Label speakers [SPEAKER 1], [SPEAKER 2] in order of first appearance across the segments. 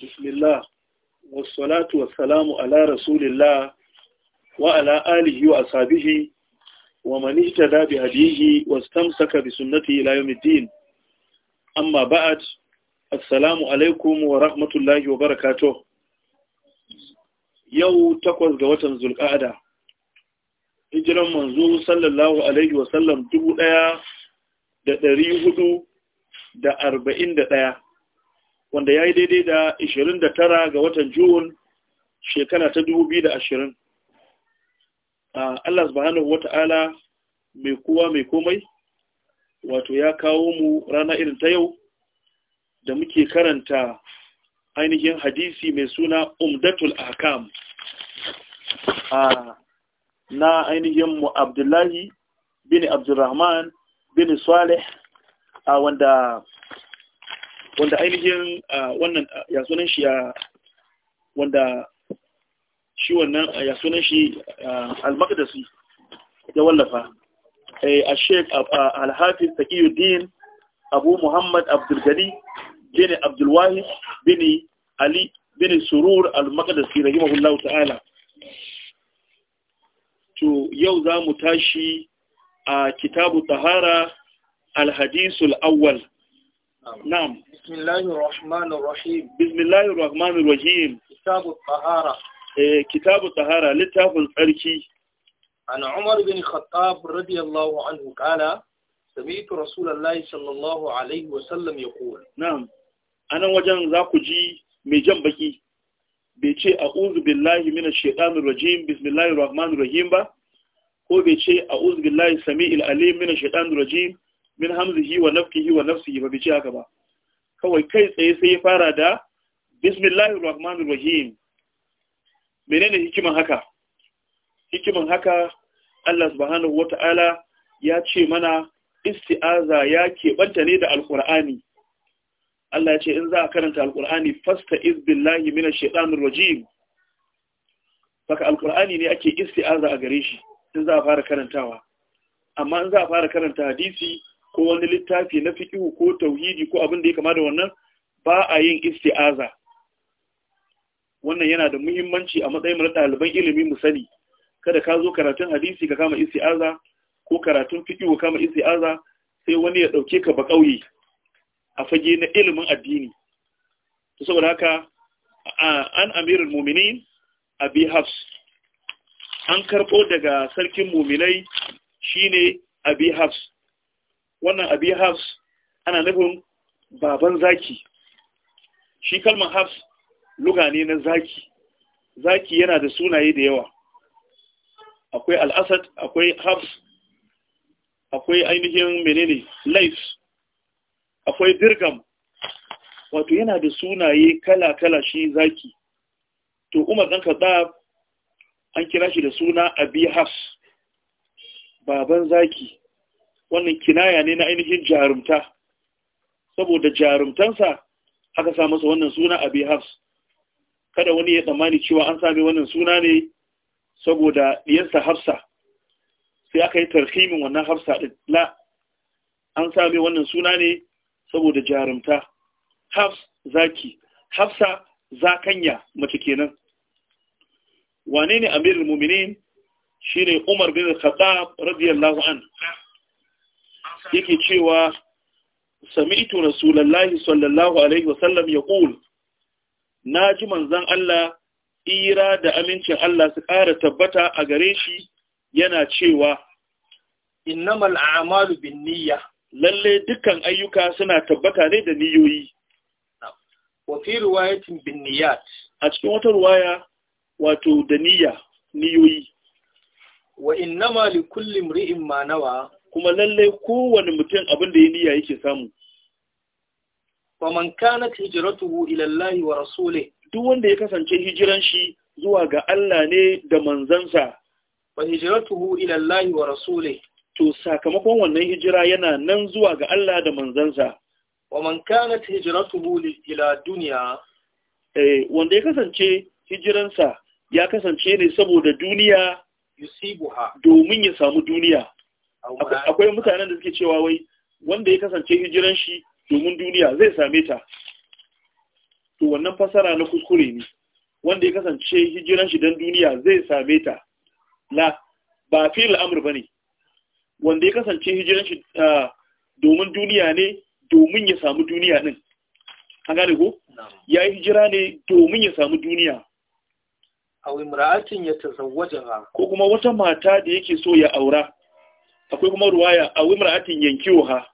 [SPEAKER 1] bismillah wassalatu wassalamu ala rasulillah wa ala alihi wa ashabihi wa man ihtada bi hadihi wastamsaka bi sunnatihi ila yawmiddin amma ba'd assalamu alaikum wa rahmatullahi wa barakatuh yau takwas ga watan ada. hijiran manzo sallallahu alaihi wa sallam dubu ɗaya da ɗari hudu da arba'in da ɗaya wanda ya yi daidai da 29 ga watan Jun shekara ta 2020. Allah subhanahu wata'ala mai kowa mai komai wato ya kawo mu rana irin ta yau da muke karanta ainihin hadisi mai suna umdatul Akam. na ainihin mu abdullahi bin abdurrahman bin salih wanda wanda ainihin wannan ya sunan shi ya wanda shi wannan ya sunan shi al-maqdisi ya wallafa eh al-sheikh al-hafiz taqiyuddin abu muhammad abdul gani bin abdul wahid bin ali bin surur al-maqdisi rahimahullahu ta'ala to yau za mu tashi a kitabu tahara al hadithul awwal نعم بسم الله الرحمن الرحيم بسم الله الرحمن الرحيم كتاب الطهارة كتاب الطهارة لتاب الأركي عن عمر بن خطاب رضي الله عنه قال سمعت رسول الله صلى الله عليه وسلم يقول نعم أنا وجن ذاك جي مجن بكي بيتي أعوذ بالله من الشيطان الرجيم بسم الله الرحمن الرحيم با ko bai ce a uzbillahi sami al'alim mina shaitan rajim min hamzihi wa nafkihi wa nafsihi ba bi ci haka ba kawai kai tsaye sai ya fara da bismillahir rahmanir rahim menene hikiman haka hikiman haka Allah subhanahu wata'ala ya ce mana isti'aza ya banta ne da alqur'ani Allah ya ce in za a karanta alqur'ani fasta izbillahi mina shaitanir rajim Baka alqur'ani ne ake isti'aza a gare shi in za a fara karantawa amma in za a fara karanta hadisi ko wani littafi na fiqh ko tauhidi ko abin da ya kama da wannan ba a yin isti'aza wannan yana da muhimmanci a matsayin mu ɗaliban ilimi mu sani kada ka zo karatun hadisi ka kama isti'aza ko karatun fiqh ka kama isti'aza sai wani ya ɗauke ka ba kauye a fage na ilimin addini to saboda haka an amirul mu'minin abi hafs an karɓo daga sarkin mu'minai shine abi hafs wannan abi hafs ana nufin baban zaki shi kalmar hafs luga ne na zaki zaki yana da sunaye da yawa akwai al'asad akwai hafs akwai ainihin menene laif akwai dirgam wato yana da sunaye kala-kala shi zaki to umar ɗan kaɗa an kira shi da suna abi hafs baban zaki wannan kinaya ne na ainihin jarumta saboda jarumtansa aka sa masa wannan suna a hafs kada wani ya tsammani cewa an sami wannan suna ne saboda diyansa hafsa sai aka yi tarhimin wannan hafsa ɗin la an sami wannan suna ne saboda jarumta hafs zaki hafsa zakanya mace kenan wane ne amirul muminin shine umar bin khattab radiyallahu an yake cewa sami'tu rasulullahi sallallahu alaihi wasallam na naji manzon Allah ira da amincin Allah su ƙara tabbata a gare shi yana cewa innamal a'malu binniyya lalle dukkan ayyuka suna tabbata ne da niyoyi wa fi riwayatin binniyat a cikin wata riwaya wato da niyya niyoyi wa innama likulli imri'in ma nawa kuma lallai kowane mutum abin da ya niyya yake samu wa man kanat hijratuhu ila Allah wa rasulih duk wanda ya kasance hijiran shi zuwa ga Allah ne da manzansa wa hijratuhu ila Allah wa rasulih to sakamakon wannan hijira yana nan zuwa ga Allah da manzansa wa man kanat hijratuhu ila dunya eh wanda ya kasance hijiransa ya kasance ne saboda duniya yusibuha domin ya samu duniya akwai mutanen da suke cewa wai wanda ya kasance hijiran shi domin duniya zai same ta to wannan fasara na kuskure ne wanda ya kasance hijiran shi don duniya zai same ta la ba fi al'amur ba ne?' wanda ya kasance hijiran shi domin duniya ne domin ya samu duniya din an gane ko ya yi hijira ne domin ya samu duniya a wimra'atin ya tazawwajaha ko kuma wata mata da yake so ya aura akwai kuma ruwaya a yanki ha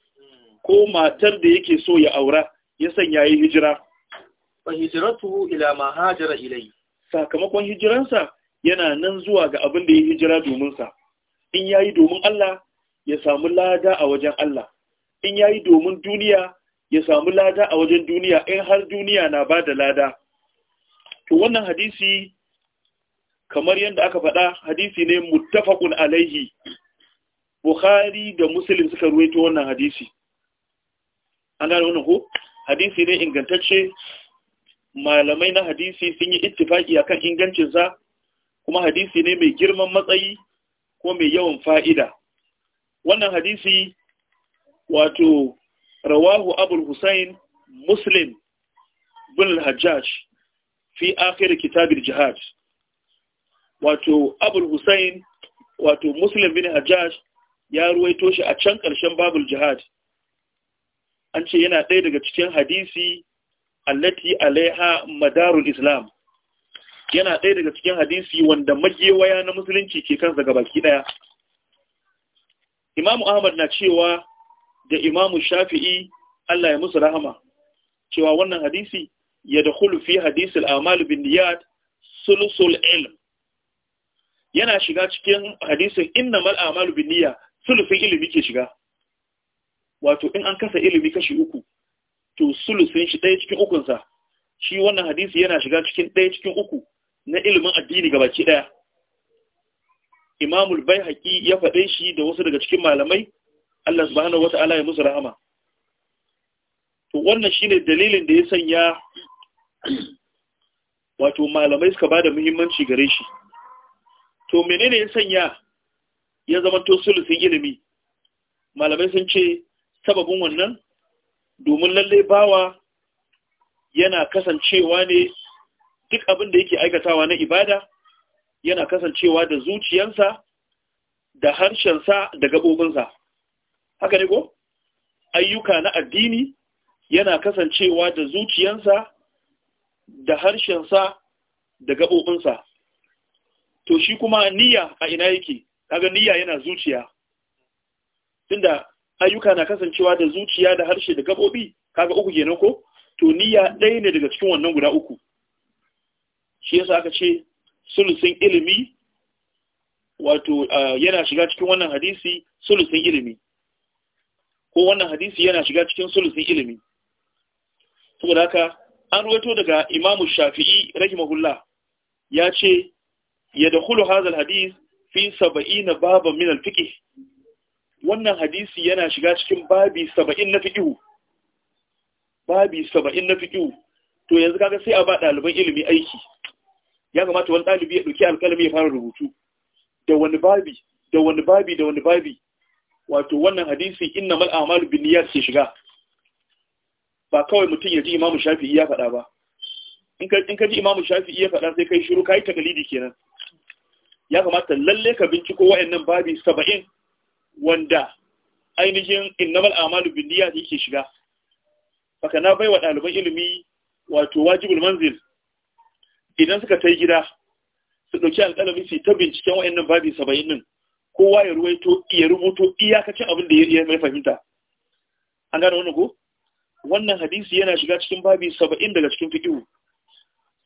[SPEAKER 1] ko matar da yake so ya aura ya sanya yi hijira fa hijratuhu ila ma hajara ilai sakamakon hijiransa yana nan zuwa ga abin da ya hijira domin sa in yayi domin Allah ya samu lada a wajen Allah in yayi domin duniya ya samu lada a wajen duniya in har duniya na ba da lada to wannan hadisi kamar yadda aka faɗa hadisi ne muttafaqun alaihi bukhari da muslim suka ruwaito wannan hadisi an gane wannan ko hadisi ne ingantacce malamai na hadisi sun yi ittifaki akan ingancinsa kuma hadisi ne mai girman matsayi ko mai yawan fa'ida wannan hadisi wato rawahu abul husayn muslim bin hajjaj fi akhir kitabir jihad wato abul wato muslim bin hajjaj ya ruwaito shi a can ƙarshen babul jihad an ce yana ɗaya daga cikin hadisi allati alaiha madarul islam yana ɗaya daga cikin hadisi wanda magewaya na musulunci ke kansa ga baki ɗaya imamu ahmad na cewa da imamu shafi'i allah ya musu rahama cewa wannan hadisi ya da fi hadisul amal bin niyad sulusul ilm yana shiga cikin hadisin innamal amalu bin niyad sulusin ilimi ke shiga wato in an kasa ilimi kashi uku to sulusin shi ɗaya cikin ukunsa shi wannan hadisi yana shiga cikin ɗaya cikin uku na ilimin addini gabaki ɗaya imamul bai haƙi ya faɗe shi da wasu daga cikin malamai allah subhanahu wa ta'ala ya musu rahama to wannan shi ne dalilin da ya sanya wato malamai suka ba da muhimmanci gare shi to menene ya sanya ya zama to sulusin ilimi malamai sun ce sababin wannan domin lalle bawa yana kasancewa ne duk abin da yake aikatawa na ibada yana kasancewa da zuciyarsa da harshensa da gabobinsa. haka ne ko ayyuka na addini yana kasancewa da zuciyarsa da harshensa da gabobinsa. to shi kuma niyya a ina yake kaga niyya yana zuciya tunda ayyuka na kasancewa da zuciya da harshe da gabobi kaga uku kenan ko to niyya ɗaya ne daga cikin wannan guda uku shi yasa aka ce sulusin ilimi wato yana shiga cikin wannan hadisi sulusin ilimi ko wannan hadisi yana shiga cikin sulusin ilimi saboda haka an ruwaito daga imamu shafi'i rahimahullah ya ce ya da hulu hazal hadis fi saba'ina baban min alfiqh wannan hadisi yana shiga cikin babi saba'in na fiqh babi saba'in na fiqh to yanzu kaga sai a ba ɗaliban ilimi aiki ya kamata wani ɗalibi ya ɗauki alƙalami ya fara rubutu da wani babi da wani babi da wani babi wato wannan hadisi inna mal a'malu bin niyyat ke shiga ba kawai mutum ya ji imamu shafi'i ya faɗa ba in ka ji imamu shafi'i ya faɗa sai kai shiru kai takalidi kenan ya kamata lalle ka binciko wa'annan babi saba'in wanda ainihin innamal amalu bin niyya yake shiga baka na bai wa ɗaliban ilimi wato wajibul manzil idan suka ta gida su ɗauki alƙalami su ta binciken wa'annan babi saba'in din kowa ya ruwaito ya rubuto iyakacin abin da ya mai fahimta an gane wannan ko wannan hadisi yana shiga cikin babi saba'in daga cikin fiƙihu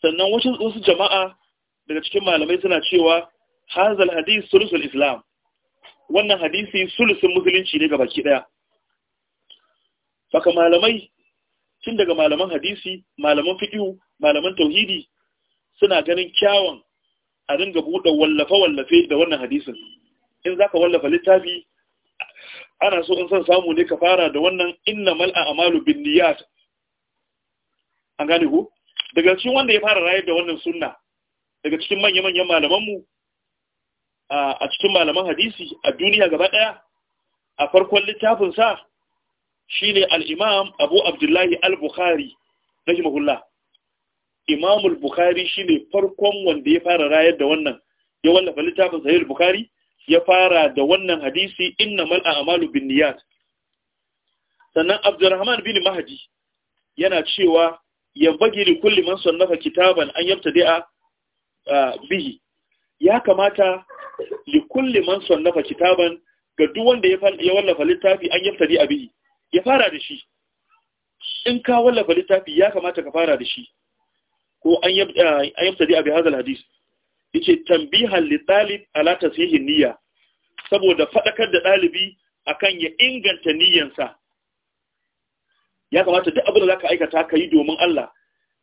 [SPEAKER 1] sannan wasu jama'a daga cikin malamai suna cewa hazal hadis sulusul islam wannan hadisi sulusun musulunci ne ga baki daya faka malamai tun daga malaman hadisi malaman fiqh malaman tauhidi suna ganin kyawun a dinga buɗe wallafe-wallafe da wannan hadisin in zaka wallafa littafi ana so in san samu ne ka fara da wannan innamal a'malu binniyat an gane ku daga cikin wanda ya fara rayar da wannan sunna daga cikin manya-manyan malamanmu a cikin malaman hadisi a duniya gaba ɗaya a farkon littafinsa shi ne al'imam abu abdullahi al-bukhari na rahimahullah imamul bukhari shi ne farkon wanda ya fara rayar da wannan ya wallafa littafin sahih bukhari ya fara da wannan hadisi Inna Mal'a a'malu bin niyat sannan abdurrahman bin mahdi yana cewa bagi ne kulli man sannafa kitaban an a bihi ya kamata li kulli man sannafa kitaban ga duk wanda ya wallafa littafi an yaftari abi ya fara da shi in ka wallafa littafi ya kamata ka fara da shi ko an yaftari abi hadal hadis yace tambihan li talib ala tasihi niyya saboda fadakar da dalibi akan ya inganta niyyansa ya kamata duk abin da zaka aikata ka yi domin Allah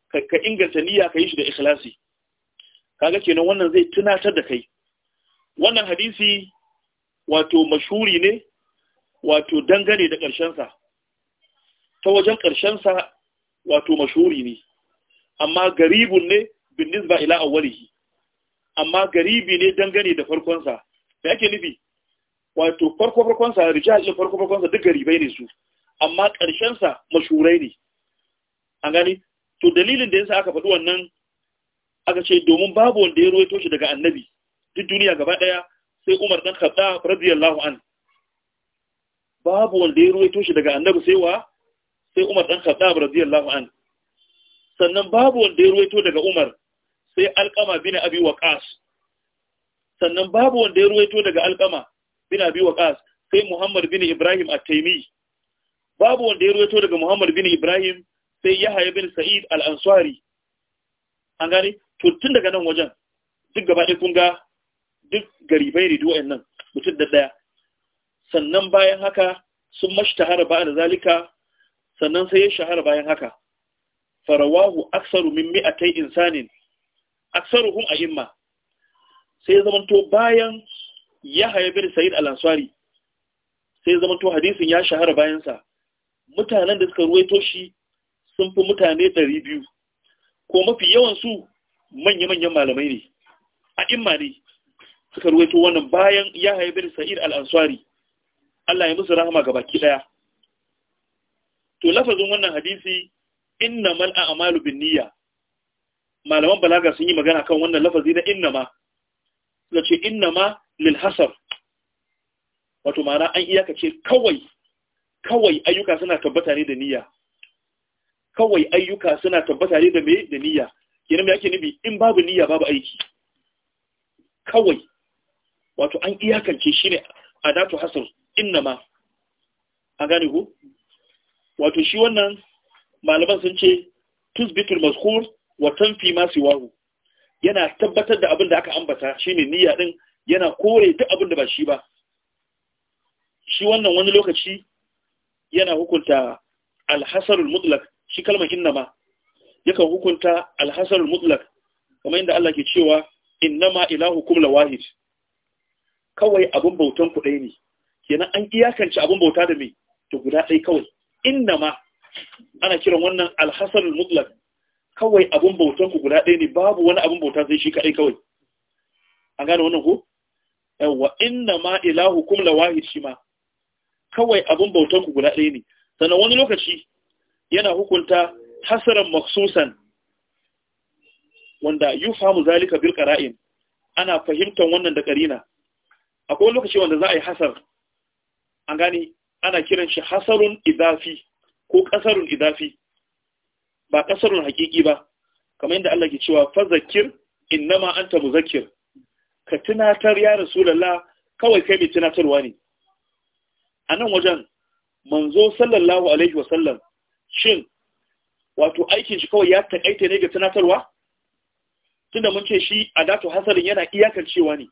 [SPEAKER 1] ka inganta niyya ka yi shi da ikhlasi kaga kenan wannan zai tunatar da kai wannan hadisi wato mashuri ne wato dangane da ƙarshensa ta wajen ƙarshensa wato mashuri ne amma garibun ne bin nisba ila awwalihi amma garibi ne dangane da farkonsa da yake nufi wato farko farkonsa rijal din farko farkonsa duk garibai ne su amma ƙarshensa mashurai ne an gani to dalilin da yasa aka faɗi wannan aka ce domin babu wanda ya ruwaito shi daga annabi duk duniya gaba ɗaya, sai Umar dan Khattab radiyallahu an babu wanda ya ruwaito shi daga annabi sai wa sai Umar dan Khattab radiyallahu an sannan babu wanda ya ruwaito daga Umar sai Alqama bin Abi Waqas sannan babu wanda ya ruwaito daga Alqama bin Abi Waqas sai Muhammad bin Ibrahim At-Taymi babu wanda ya ruwaito daga Muhammad bin Ibrahim sai Yahya bin Sa'id Al-Ansari an gane to tun daga nan wajen duk gaba ɗaya kun ga duk garibai ne duwayen nan mutum da ɗaya sannan bayan haka sun tahara ba da zalika sannan sai ya shahara bayan haka farawahu aksaru min mi'atai insanin aksaruhum a imma sai zamanto bayan ya haya bin sa'id al-ansari sai zamanto hadisin ya shahara bayansa mutanen da suka ruwaito shi sun fi mutane 200 ko mafi yawan su manya-manyan malamai ne a ne suka ruwaito wannan bayan ya haibar da sa'ir al’ansuwari, Allah ya musu rahama ga baki ɗaya. to lafazin wannan hadisi inna mal a'malu bin niyya malaman balaga sun yi magana kan wannan lafazi na inna ma da ce inna ma lil hasar wato mana an ce kawai kawai ayyuka suna tabbata ne da niyya kawai ayyuka suna tabbata ne da me da niyya kenan mai ake nubi in babu niyya babu aiki kawai wato an iyakance shi ne adatu inna ma a gane ku wato shi wannan malaman sun ce tusbitul mazkur wa tanfi ma siwahu yana tabbatar da abin da aka ambata shine niyya din yana kore duk abin da ba shi ba shi wannan wani lokaci yana hukunta alhasarul mutlak shi kalmar innama yakan hukunta alhasarul mutlak kamar inda Allah ke cewa innama ilahukum lawahid kawai abin bautan ku ɗaya ne kenan an iyakance abin bauta da mai ta guda ɗaya kawai inna ma ana kiran wannan alhassan mutlak kawai abin bautan ku guda ɗaya ne babu wani abin bauta sai shi kaɗai kawai an gane wannan ko Yawwa, inna ma ilahu kum wahid shi ma kawai abin bautan ku guda ɗaya ne sannan wani lokaci yana hukunta hasaran maksusan wanda yufamu zalika bil qara'in ana fahimtar wannan da karina akwai lokaci wanda za a yi hasar an gani ana kiran shi hasarun idafi ko kasarun idafi ba kasarun hakiki ba kamar yadda Allah ke cewa fa fazakir innama anta muzakkir ka tunatar ya rasulullah kawai kai mai tunatarwa ne a nan wajen manzo sallallahu alaihi wasallam shin wato aikin shi kawai ya takaita ne ga tunatarwa tunda mun ce shi adatu hasarin yana iyakancewa ne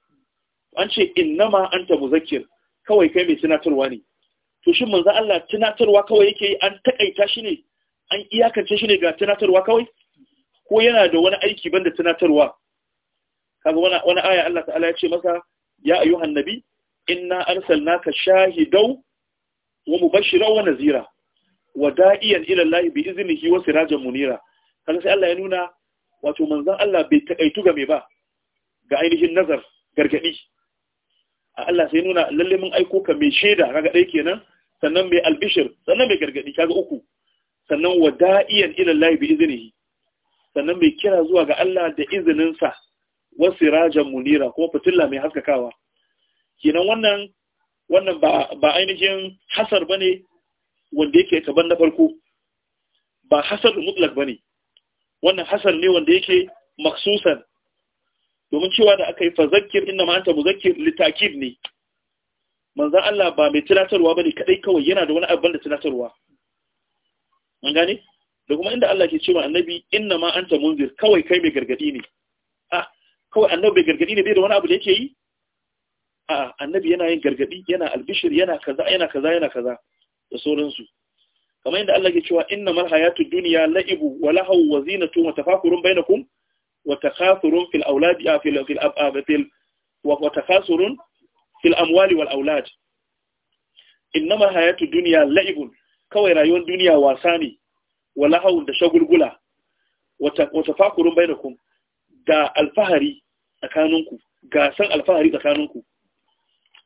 [SPEAKER 1] an ce innama anta muzakkir kawai kai mai tunatarwa ne to shin manzo Allah tunatarwa kawai yake an takaita shi ne an iyakance shi ne ga tunatarwa kawai ko yana da wani aiki banda tunatarwa kaga wani wani aya Allah ta'ala ya ce masa ya ayyuhan nabi inna arsalnaka shahidaw wa mubashiran wa nazira wa da'iyan ila Allah bi iznihi wa sirajan munira kaga sai Allah ya nuna wato manzo Allah bai takaitu ga me ba ga ainihin nazar gargadi Allah sai nuna lalle mun aiko ka mai shaida kaga dai kenan sannan mai albishir sannan mai gargadi kaga uku sannan wada'iyan ila Allah bi iznihi sannan mai kira zuwa ga Allah da izinin sa wa munira kuma fitilla mai haskakawa kenan wannan wannan ba ba ainihin hasar bane wanda yake kaban na farko ba hasar mutlak bane wannan hasar ne wanda yake maksusan domin cewa da aka yi fazakir inda ma anta muzakkir litakid ne manzan Allah ba mai tunatarwa ba ne kadai kawai yana da wani abin da tunatarwa an gane da kuma inda Allah ke cewa annabi inna ma anta munzir kawai kai mai gargadi ne A kawai annabi mai gargadi ne bai da wani abu da yake yi a annabi yana yin gargadi yana albishir yana kaza yana kaza yana kaza da sauransu kamar inda Allah ke cewa innamal hayatud duniya la'ibu wa lahu wa zinatu wa tafakurun bainakum wa takasurun fil auladi wal aulad innama hayatu duniya la'ibun kawai rayuwar duniya wasa ne wa lahawun da shagulgula wa tafakurun bainakum da alfahari tsakaninku gasan alfahari tsakaninku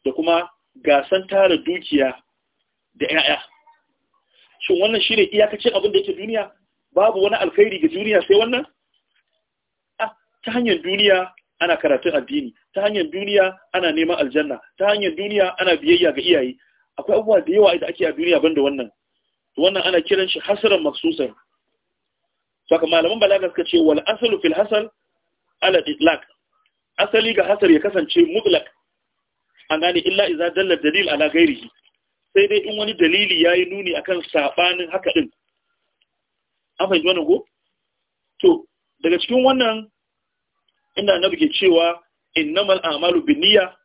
[SPEAKER 1] da kuma gasan tara dukiya da 'ya'ya shin wannan shine iyakacin abin da yake duniya babu wani alkhairi ga duniya sai wannan ta hanyar duniya ana karatun addini ta hanyar duniya ana neman aljanna ta hanyar duniya ana biyayya ga iyaye akwai abubuwa da yawa da ake a duniya banda wannan to wannan ana kiran shi hasaran maksusan saka malaman balaga suka ce wal asalu fil hasal ala itlaq asali ga hasar ya kasance mutlaq an gane illa idza dalla dalil ala ghairihi sai dai in wani dalili yayi nuni akan sabanin haka din an fahimci wannan ko to daga cikin wannan inda na buke cewa innamal a'malu binniya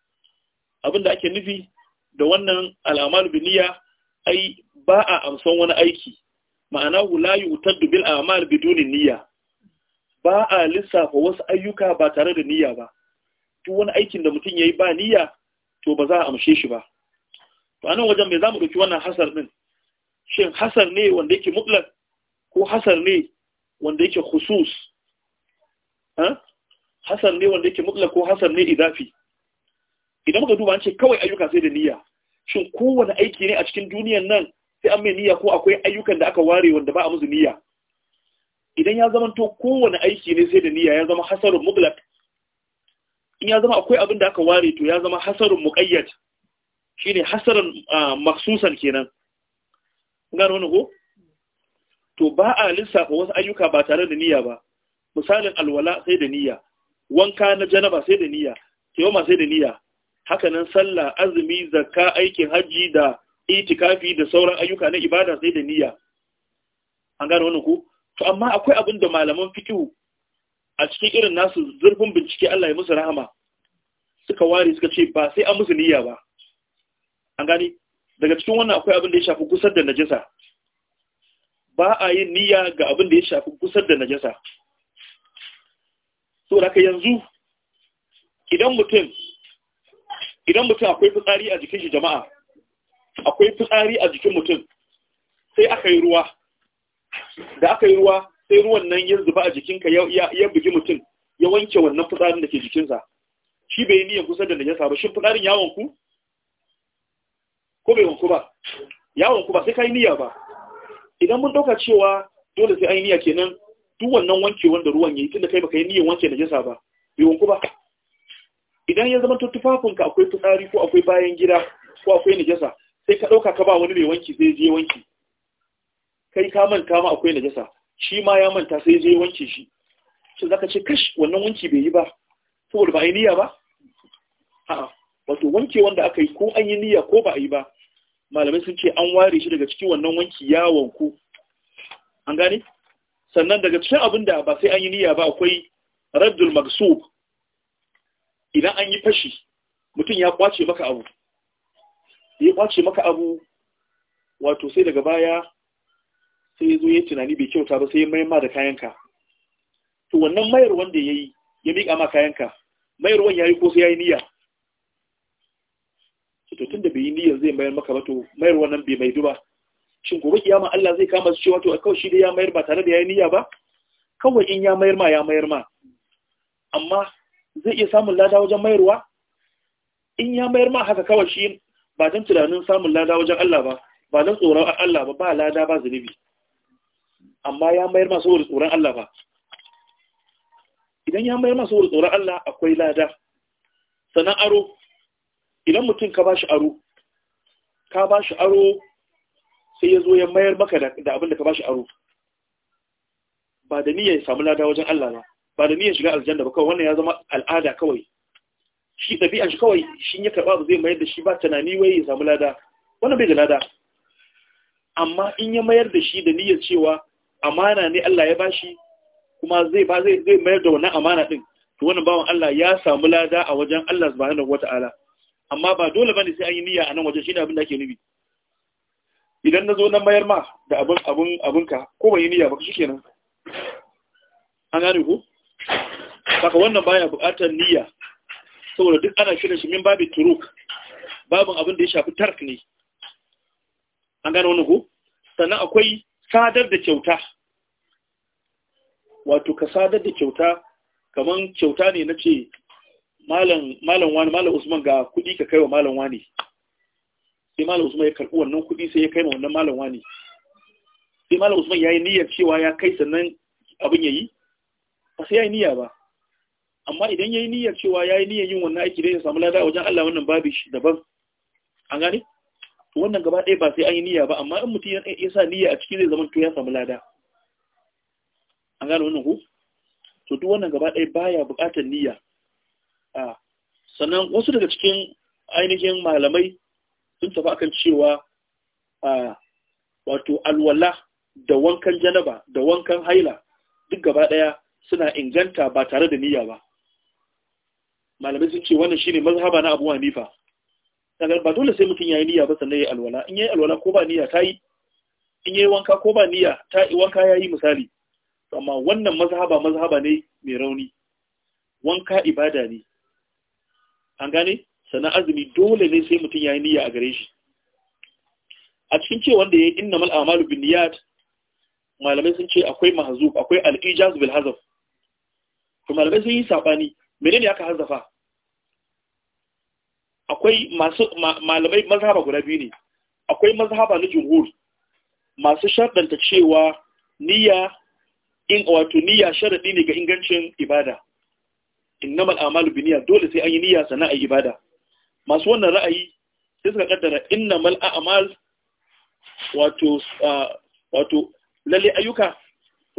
[SPEAKER 1] abinda ake nufi da wannan al'amalu binniya ai ba a amsan wani aiki ma'ana la yu'taddu bil a'mal biduni niyya ba a lissafa wasu ayyuka ba tare da niyya ba duk wani aikin da mutum yayi ba niyya to ba za a amshe shi ba to anan wajen me zamu dauki wannan hasar din shin hasar ne wanda yake mutlak ko hasar ne wanda yake khusus ha hasan ne wanda yake mutlaq ko hasan ne idafi idan muka duba an ce kawai ayyuka sai da niyya shin kowane aiki ne a cikin duniyan nan sai an mai niyya ko akwai ayyukan da aka ware wanda ba a musu niyya idan ya zama to kowane aiki ne sai da niyya ya zama hasarun mutlaq in ya zama akwai abin da aka ware to ya zama hasarun muqayyad shine hasarun maksusan kenan gano wani ko to ba a lissafa wasu ayyuka ba tare da niyya ba misalin alwala sai da niyya wanka na janaba sai da niyya taimama sai da niyya hakanan sallah azumi zakka aikin hajji da itikafi da sauran ayyuka na ibada sai da niyya an gane wannan ku to amma akwai abin da malaman fiqh a cikin irin nasu zurfin bincike Allah ya musu rahama suka ware suka ce ba sai an musu niyya ba an gane daga cikin wannan akwai abin da ya shafi gusar da najasa ba a yin niyya ga abin da ya shafi gusar da najasa so da yanzu idan mutum idan mutum akwai fitsari a jikin shi jama'a akwai fitsari a jikin mutum sai aka yi ruwa da aka yi ruwa sai ruwan nan ya zuba a jikinka ya bugi mutum ya wanke wannan fitsarin da ke jikinsa shi bai yi niyan kusa da ya saba. shin fitsarin ya wanku ko bai wanku ba ya wanku ba sai ka yi niyya ba idan mun ɗauka cewa dole sai an niyya kenan duk wannan wanke wanda ruwan yayi tunda kai baka yi niyyar wanke najasa ba bai wanku ba idan ya zama tufafinka akwai fitsari ko akwai bayan gida ko akwai najasa sai ka dauka ka ba wani mai wanki zai je wanki kai ka manta ma akwai najasa shi ma ya manta sai je wanke shi shi zaka ce kash wannan wanki bai yi ba saboda ba yi niyya ba a'a wato wanke wanda aka yi ko an yi niyya ko ba a yi ba malamai sun ce an ware shi daga cikin wannan wanki ya wanku an gane sannan daga cikin abin da ba sai an yi niyya ba akwai raddul magsub idan an yi fashi mutum ya kwace maka abu ya kwace maka abu wato sai daga baya sai ya zo ya tunani bai kyauta ba sai ya mayar ma da kayanka to wannan mayar wanda ya yi ya miƙa ma kayanka mayarwan ya yi ko sai ya yi niyya to tun da bai yi niyyar zai mayar maka ba to mayar wannan bai mai duba shin gobe kiyama Allah zai kama su cewa to kawai shi da ya mayar ba tare da yi niyya ba kawai in ya mayar ma ya mayar ma amma zai iya samun lada wajen mayarwa in ya mayar ma haka kawai shi ba dan tunanin samun lada wajen Allah ba ba dan tsoron Allah ba ba lada ba zunubi amma ya mayar ma saboda tsoron Allah ba idan ya mayar ma saboda tsoron Allah akwai lada sannan aro idan mutum ka bashi aro ka bashi aro sai ya zo ya mayar maka da abin da ka bashi aro ba da niyyar ya samu lada wajen Allah ba ba da niyyar shiga aljanna ba kawai wannan ya zama al'ada kawai shi ɗabi'an shi kawai shi ya karba ba zai mayar da shi ba tunani wai ya samu lada wannan bai da lada amma in ya mayar da shi da niyyar cewa amana ne Allah ya bashi kuma zai ba zai zai mayar da wannan amana din to wannan bawan Allah ya samu lada a wajen Allah subhanahu wataala amma ba dole bane sai an yi niyya a nan wajen shi ne abin da ake nufi idan na zo na mayar ma da abin abin abinka ko bai yi niyya ba shikenan an gane ku saka wannan baya buƙatar niyya saboda duk ana shirin shi min babu turuk babin abin da ya shafi tark ne an gane wannan ku sannan akwai sadar da kyauta wato ka sadar da kyauta kaman kyauta ne na ce malam wani malam usman ga kudi ka kai wa malam wani sai malam usman ya karɓi wannan kuɗi sai ya kai ma wannan malam wani sai malam usman ya yi niyyar cewa ya kai sannan abin ya yi ba sai ya yi niyya ba amma idan ya yi niyyar cewa ya yi niyyar yin wannan aiki dai ya samu lada wajen Allah wannan babu shi daban an gane wannan gaba ɗaya ba sai an yi niyya ba amma in mutum ya sa niyya a ciki zai zama to ya samu lada an gane wannan ko to duk wannan gaba ɗaya baya buƙatar niyya a ah, sannan wasu daga cikin ainihin malamai sun tafi akan cewa wato alwala da wankan janaba da wankan haila duk gaba daya suna inganta ba tare da niyya ba malamai sun ce wannan shine mazhaba na Abu Hanifa daga ba dole sai mutum yayi niyya ba sannan yayi alwala in yayi alwala ko ba niyya yi. in yayi wanka ko ba niyya yi wanka yayi misali amma wannan mazhaba mazhaba ne mai rauni wanka ibada ne an gane sannan azumi dole ne sai mutum ya yi niyya a gare shi a cikin ce wanda ya yi inna mal amalu bin niyyat malamai sun ce akwai mahzuf akwai al-ijaz bil hazaf to malamai sun yi sabani menene aka hazafa akwai masu malamai mazhaba guda biyu ne akwai mazhaba na jumhur masu sharɗanta cewa niyya in wato niyya sharadi ne ga ingancin ibada innamal a'malu binniyat dole sai an yi niyya sana'a ibada masu wannan ra'ayi sai suka kaddara mal a'mal wato wato lalle ayyuka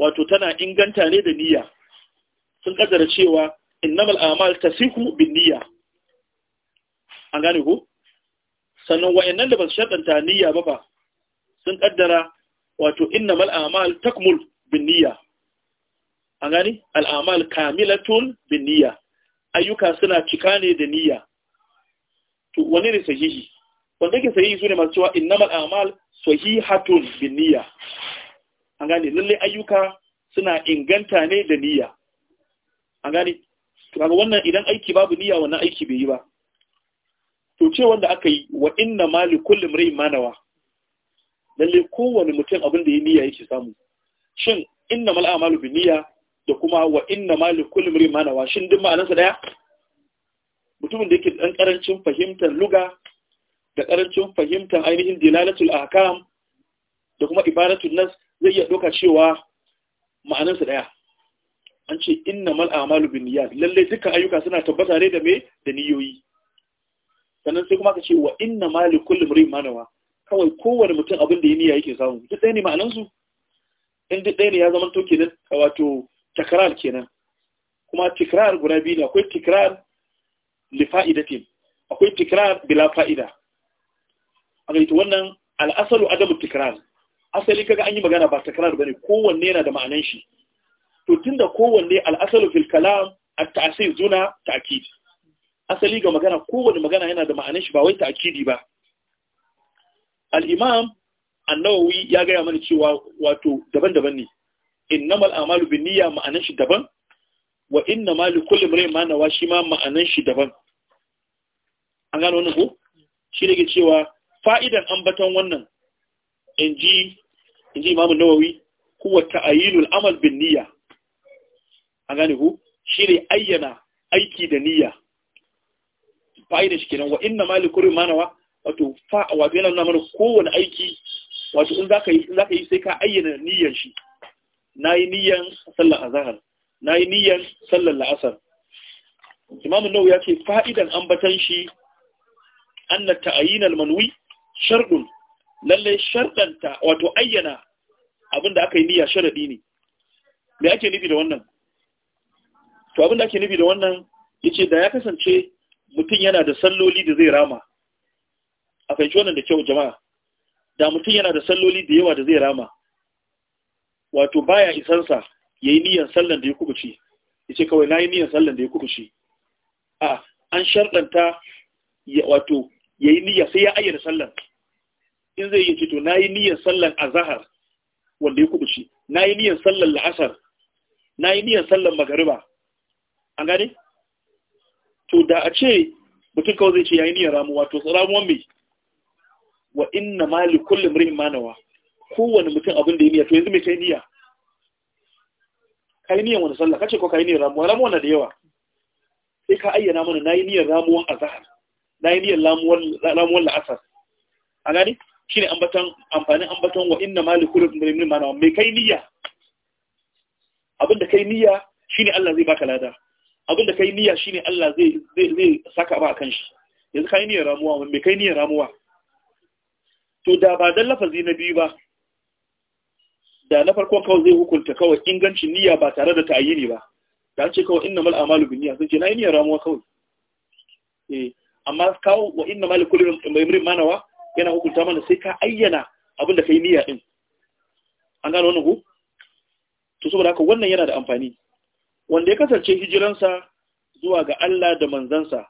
[SPEAKER 1] wato tana inganta ne da niyya sun kaddara cewa mal a'mal tasihu bin niyya an gane ko sannan wayannan da ba su shaddanta niyya ba ba sun kaddara wato mal a'mal takmul bin niyya an gane al'amal kamilatun bin niyya ayyuka suna cika ne da niyya to wani ne sahihi wanda yake sahihi su ne masu cewa innamal a'mal sahihatun bin niyya an gane lalle ayyuka suna inganta ne da niyya an gane to kaga wannan idan aiki babu niyya wannan aiki bai yi ba to ce wanda aka yi wa inna mali kullum rai manawa lalle kowane mutum abin da ya niyya yake samu shin inna mal a'malu binniya niyya da kuma wa inna mali kullum rai manawa shin duk ma'anarsa daya mutumin da yake dan karancin fahimtar luga da karancin fahimtar ainihin dilalatul ahkam da kuma ibaratul nas zai iya ɗauka cewa ma'anarsa daya an ce innamal a'malu binniyat lalle dukkan ayyuka suna tabbata ne da me da niyoyi sannan sai kuma ka ce wa innamal kullu imrin manawa kawai kowane mutum abin da ya niyya yake samu duk ɗaya ne ma'anansu in duk ɗaya ne ya zama to kenan wato takrar kenan kuma tikrar guda biyu ne akwai tikrar li fa'idatin akwai tikrar bila fa'ida A yi wannan al'asalu adamu tikrar asali kaga an yi magana ba tikrar bane kowanne yana da ma'anan shi to tunda kowanne al'asalu fil kalam at-ta'sir zuna ta'kid asali ga magana kowanne magana yana da ma'anan shi ba wai ta'kidi ba al-imam ya gaya mana cewa wato daban-daban ne innamal a'malu binniyya ma'anan shi daban wa inna ma li kulli imrin ma nawa shi ma ma'anan shi daban an gano wannan ko shi ne ke cewa fa'idan ambaton wannan inji inji Imam Nawawi huwa ta'yinul amal bin niyya an gane ko shi ne ayyana aiki da niyya fa'idan shi kenan wa inna ma li kulli ma nawa wato fa wa yana nuna mana kowane aiki wato in zaka yi in zaka yi sai ka ayyana niyyar shi nayi niyyan sallar azhar na yi niyyar sallar la'asar imamun nau ya ce fa'idan ambatan shi an na ta'ayinal manwi shardun, lalle sharɗanta wato ayyana abin da aka yi niyya sharaɗi ne me ake nufi da wannan to abin da ake nufi da wannan ya ce da ya kasance mutum yana da salloli da zai rama a fahimci wannan da kyau jama'a da mutum yana da salloli da yawa da zai rama wato baya isansa ya yi niyan sallan da ya kubuce ya ce kawai na yi niyan sallan da ya kubuce a an sharɗanta wato ya yi niyan sai ya ayyana sallan in zai yi ce to na yi niyan sallan a zahar wanda ya kubuce na yi niyan sallan la'asar na yi niyan sallan magariba an gane to da a ce mutum kawai zai ce ya yi niyan ramuwa to ramuwan mai wa inna mali kullum rin manawa kowane mutum abin da ya niyya to yanzu mai kai niyya kai niyan wani sallah kace ko kai niyan ramuwa ramuwa na da yawa sai ka ayyana mana nayi niyan ramuwan azhar nayi niyan ramuwan ramuwan la'asar a gani shine ambaton amfanin ambaton wa inna malikul min mana mai kai niyya abinda kai niyya shine Allah zai baka lada abinda kai niyya shine Allah zai zai saka ba kan shi yanzu kai niyan ramuwa mai kai niyan ramuwa to da ba dan lafazi na biyu ba da na farko kawai zai hukunta kawai ingancin niyya ba tare da ta'ayyini ba da an ce kawai inna mal amalu bin niyya sun ce na yi niyyar ramuwa kawai eh amma kawo wa inna mal da mai manawa yana hukunta mana sai ka ayyana abin da kai niyya din an gano wannan ku to saboda haka wannan yana da amfani wanda ya kasance hijiransa zuwa ga Allah da manzansa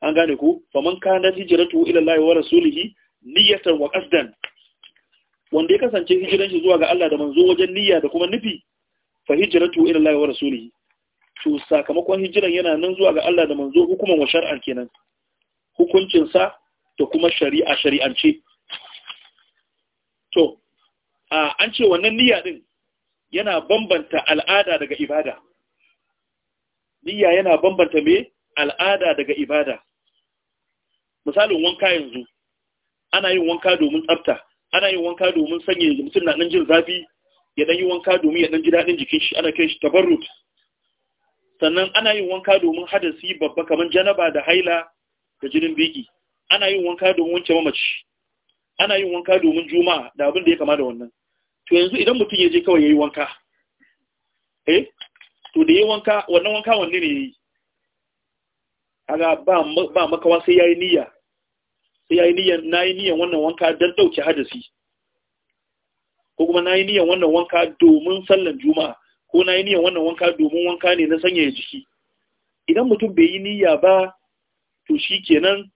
[SPEAKER 1] an gane ku faman kana hijratu ila Allah wa rasulihi niyyatan wa qasdan wanda ya kasance hijiran shi zuwa ga Allah da manzo wajen niyya da kuma nufi fa hijratu ila Allah wa rasulihi to sakamakon hijiran yana nan zuwa ga Allah da manzo hukuman wa shar'an kenan hukuncin sa da kuma shari'a shari'ance to a an ce wannan niyya din yana bambanta al'ada daga ibada niyya yana bambanta me al'ada daga ibada misalin wanka yanzu ana yin wanka domin tsafta ana yin wanka domin sanya mutum na ɗan jin zafi ya ɗan yi wanka domin ya ɗan ji daɗin jikin shi ana kai shi tabarruk sannan ana yin wanka domin hadasi babba kamar janaba da haila da jinin biki ana yin wanka domin wanke mamaci ana yin wanka domin juma'a da abin da ya kama da wannan to yanzu idan mutum ya je kawai ya yi wanka eh to da ya yi wanka wannan wanka wanne ne ya yi ba makawa sai ya yi niyya sai yayi yi nayi niyan wannan wanka don dauke hadasi ko kuma na yi niyan wannan wanka domin sallan juma'a ko na yi niyan wannan wanka domin wanka ne na sanyaya jiki idan mutum bai yi niyya ba to shi kenan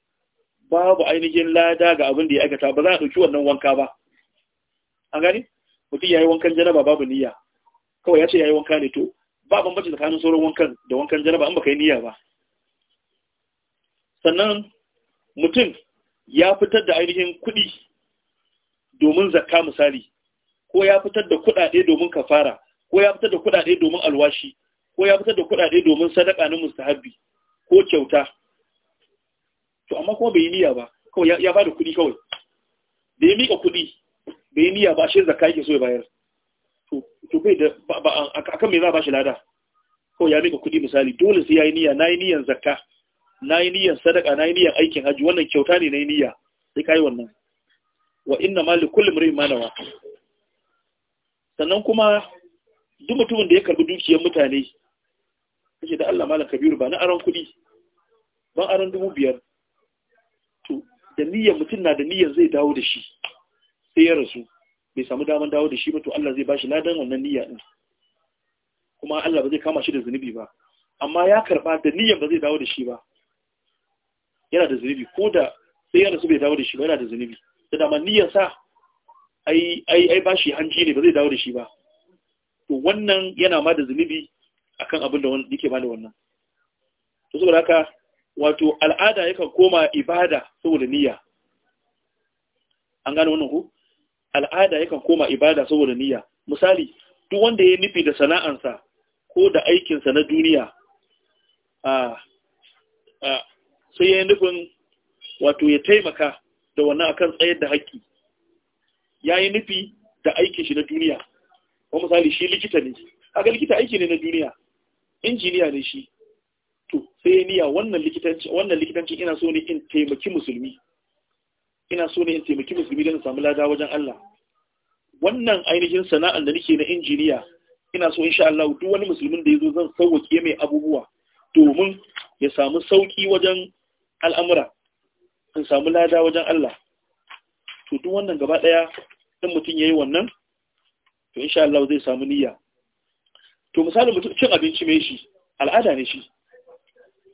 [SPEAKER 1] babu ainihin lada ga abin da ya aikata ba za a ɗauki wannan wanka ba an gani mutum yi wankan janaba babu niyya kawai ya ce ya yi wanka ne to ba bambanci tsakanin sauran wankan da wankan janaba an baka yi niyya ba sannan mutum ya fitar da ainihin kuɗi domin zakka misali ko ya fitar da kuɗaɗe domin kafara ko ya fitar da kuɗaɗe domin alwashi ko ya fitar da kuɗaɗe domin sadaka na mustahabbi ko kyauta to amma kuma bai yi niyya ba kawai ya ba da kuɗi kawai da ya miƙa kuɗi bai yi niyya ba shi zakka yake so ya bayar to bai da kan me za a ba shi lada kawai ya miƙa kuɗi misali dole sai ya yi niyya na yi niyyan zakka na yi niyyar sadaka na yi niyyar aikin hajji wannan kyauta ne na yi niyya sai ka yi wannan wa inna ma likullum rai manawa sannan kuma duk mutumin da ya karbi dukiyar mutane kace da Allah malam kabiru ba na aron kuɗi ban aron dubu biyar to da niyyar mutum na da niyyar zai dawo da shi sai ya rasu bai samu daman dawo da shi ba to Allah zai bashi ladan wannan niyya din kuma Allah ba zai kama shi da zunubi ba amma ya karba da niyyar ba zai dawo da shi ba yana da zunubi ko da sai yana su bai dawo da shi ba yana da zunubi da dama niyyar sa ai ai ai ba shi hanji ne ba zai dawo da shi ba to wannan yana ma da zunubi akan abin da yake ba da wannan to saboda haka wato al'ada yakan koma ibada saboda niyya an gane wannan ku al'ada yakan koma ibada saboda niyya misali duk wanda ya nufi da sana'ansa ko da aikinsa na duniya a sai ya yi nufin wato ya taimaka da wannan akan tsayar da haƙƙi ya yi nufi da aikin shi na duniya wa misali shi likita ne haka likita aiki ne na duniya injiniya ne shi to sai ya niya wannan likitanci ina so ne in taimaki musulmi ina so ne in taimaki musulmi don samu lada wajen Allah wannan ainihin sana'ar da nake na injiniya ina so insha Allah duk wani musulmin da yazo zan sauwake mai abubuwa domin ya samu sauki wajen al'amura in samu lada wajen Allah to wannan gaba ɗaya, in mutum ya yi wannan to sha Allah zai samu niyya to misalin mutum cin abinci mai shi al'ada ne shi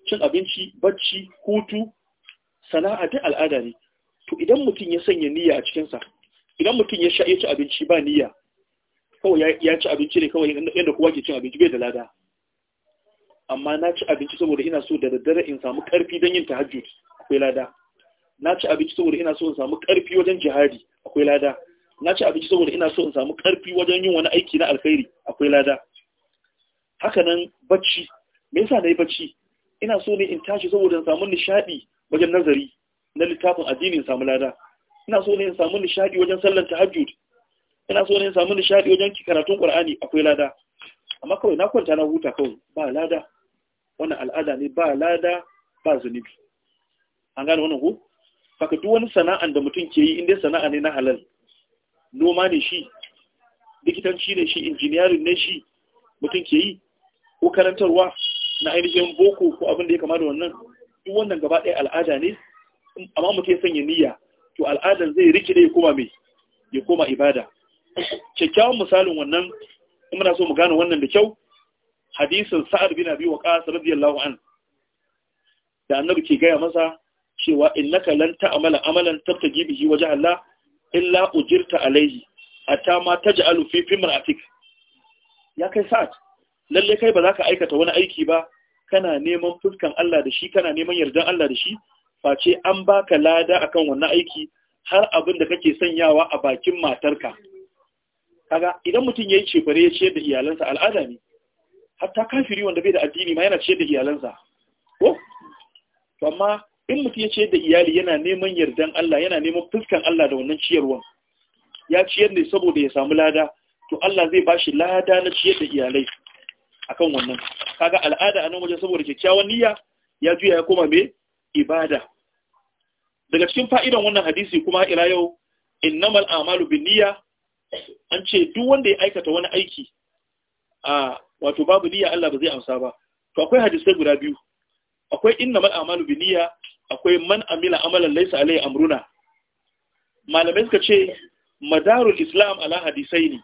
[SPEAKER 1] cin abinci bacci hutu sana'a duk al'ada ne to idan mutum ya sanya niyya a cikinsa idan mutum ya sha ya ci abinci ba niyya kawai ya ci abinci ne kawai yadda kowa ke cin abinci bai da lada amma na ci abinci saboda ina so da daddare in samu karfi don yin tahajjud akwai lada na ci abinci saboda ina so in samu karfi wajen jihadi akwai lada na ci abinci saboda ina so in samu karfi wajen yin wani aiki na alkhairi akwai lada haka nan bacci me yasa na yi bacci ina so ne in tashi saboda in samu nishadi wajen nazari na littafin addini in samu lada ina so ne in samu nishadi wajen sallar tahajjud ina so ne in samu nishadi wajen karatun qur'ani akwai lada amma kawai na kwanta na huta kawai ba lada wannan al'ada ne ba lada ba zunubi an gane wannan ku saka duk wani sana'an da mutum ke yi inda sana'a ne na halal noma ne shi likitanci ne shi injiniyarin ne shi mutum ke yi ko karantarwa na ainihin boko ko abin da ya kama da wannan duk wannan gaba ɗaya al'ada ne amma mutum ya sanya niyya to al'adan zai da ya koma mai ya koma ibada kyakkyawan misalin wannan in muna so mu gane wannan da kyau hadisin sa'ad bin abi waqas radiyallahu an da annabi ke gaya masa cewa innaka lan ta'mala amalan tabtaji bihi wajha Allah illa ujirta alayhi hatta ma taj'alu fi fimratik ya kai sa'ad lalle kai ba za ka aikata wani aiki ba kana neman fuskan Allah da shi kana neman yardan Allah da shi face an baka lada akan wannan aiki har abin da kake sanyawa a bakin matarka kaga idan mutum yayi cefare ya ciyar da iyalansa al'ada ne hatta kafiri wanda bai da addini ma yana ciyar da iyalansa ko amma in mutum ya ciyar da iyali yana neman yardan Allah yana neman fuskan Allah da wannan ciyarwan ya ciyar ne saboda ya samu lada to Allah zai bashi lada na ciyar da iyalai akan wannan kaga al'ada a nan wajen saboda kyakkyawan niyya ya juya ya koma me ibada daga cikin fa'idan wannan hadisi kuma ila yau innamal a'malu binniya an ce duk wanda ya aikata wani aiki a wato babu niyya Allah ba zai amsa ba to akwai hadisai guda biyu akwai mal a'malu niyya akwai man amila amalan laysa alai amruna malamai suka ce madarul islam ala hadisai ne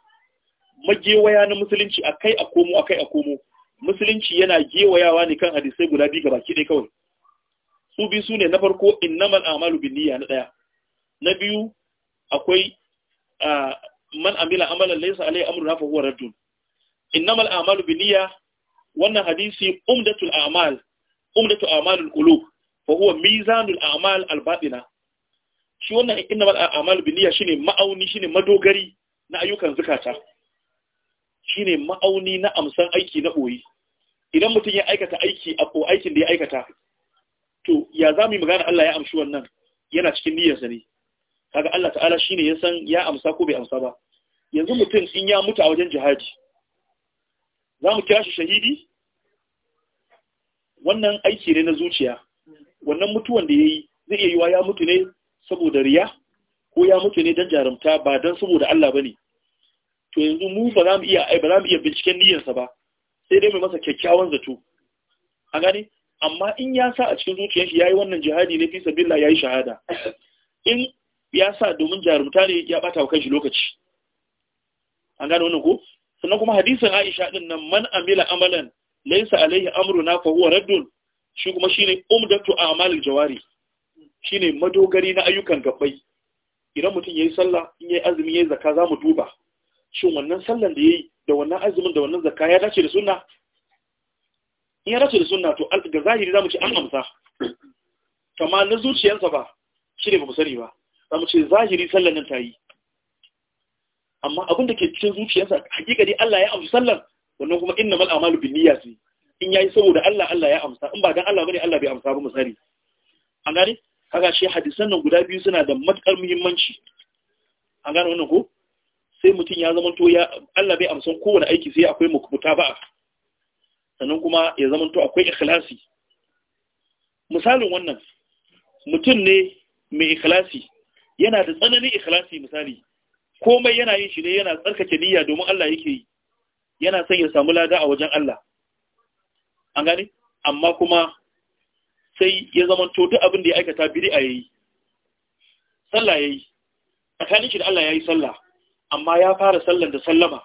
[SPEAKER 1] magewaya na musulunci akai a komo akai a komo musulunci yana gewayawa ne kan hadisai guda biyu gabaki ɗaya kawai su bi su ne na farko mal amalu binniya na ɗaya na biyu akwai man amila amalan laysa alai amruna fa huwa raddun innamal a'malu binniya wannan hadisi umdatul a'mal umdatul a'malul qulub fa huwa mizanul a'mal al-batina shi wannan innamal a'malu binniya shine ma'auni shine madogari na ayyukan zakata shine ma'auni na amsan aiki na boye idan mutum ya aikata aiki a ko aikin da ya aikata to ya zamu magana Allah ya amshi wannan yana cikin niyyarsa ne kaga Allah ta'ala shine ya san ya amsa ko bai amsa ba yanzu mutum in ya mutu a wajen jihadi za mu kira shi shahidi wannan aiki ne na zuciya wannan mutuwan da ya yi zai iya yiwa ya mutu ne saboda riya ko ya mutu ne don jarumta ba don saboda Allah ba ne to yanzu mu ba za mu iya ba za mu iya binciken niyyarsa ba sai dai mai masa kyakkyawan zato a gani. amma in ya sa a cikin zuciyar shi yayi wannan jihadi ne fi sabilillah yayi shahada in ya sa domin jarumta ne ya bata wa kanshi lokaci an gane wannan ko sannan kuma hadisin Aisha din nan man amila amalan laysa alaihi amruna fa huwa raddun shi kuma shine umdatu a'malil jawari shine madogari na ayyukan gabbai idan mutum yayi sallah in yayi azumi yayi zakka mu duba shin wannan sallan da yayi da wannan azumin da wannan zakka ya dace da sunna in ya dace da sunna to ga zahiri mu ce an amsa kamar na zuciyarsa ba shine ba mu sani ba mu ce zahiri sallan nan ta yi amma abin da ke cikin zuciyarsa hakika dai Allah ya amsa sallar wannan kuma mal a'malu binniyat in yayi saboda Allah Allah ya amsa in ba dan Allah bane Allah bai amsa ba misali an gane kaga shi hadisan nan guda biyu suna da matukar muhimmanci an gane wannan ko sai mutum ya zama to ya Allah bai amsa kowane aiki sai akwai mukubuta ba sannan kuma ya zama to akwai ikhlasi misalin wannan mutum ne mai ikhlasi yana da tsananin ikhlasi misali komai yana yin shi ne yana tsarkake niyya domin Allah yake yi yana son ya samu lada a wajen Allah an gani amma kuma sai ya zama to duk abin da ya aikata bid'a yayi sallah yayi tsakanin shi da Allah yayi sallah amma ya fara sallan da sallama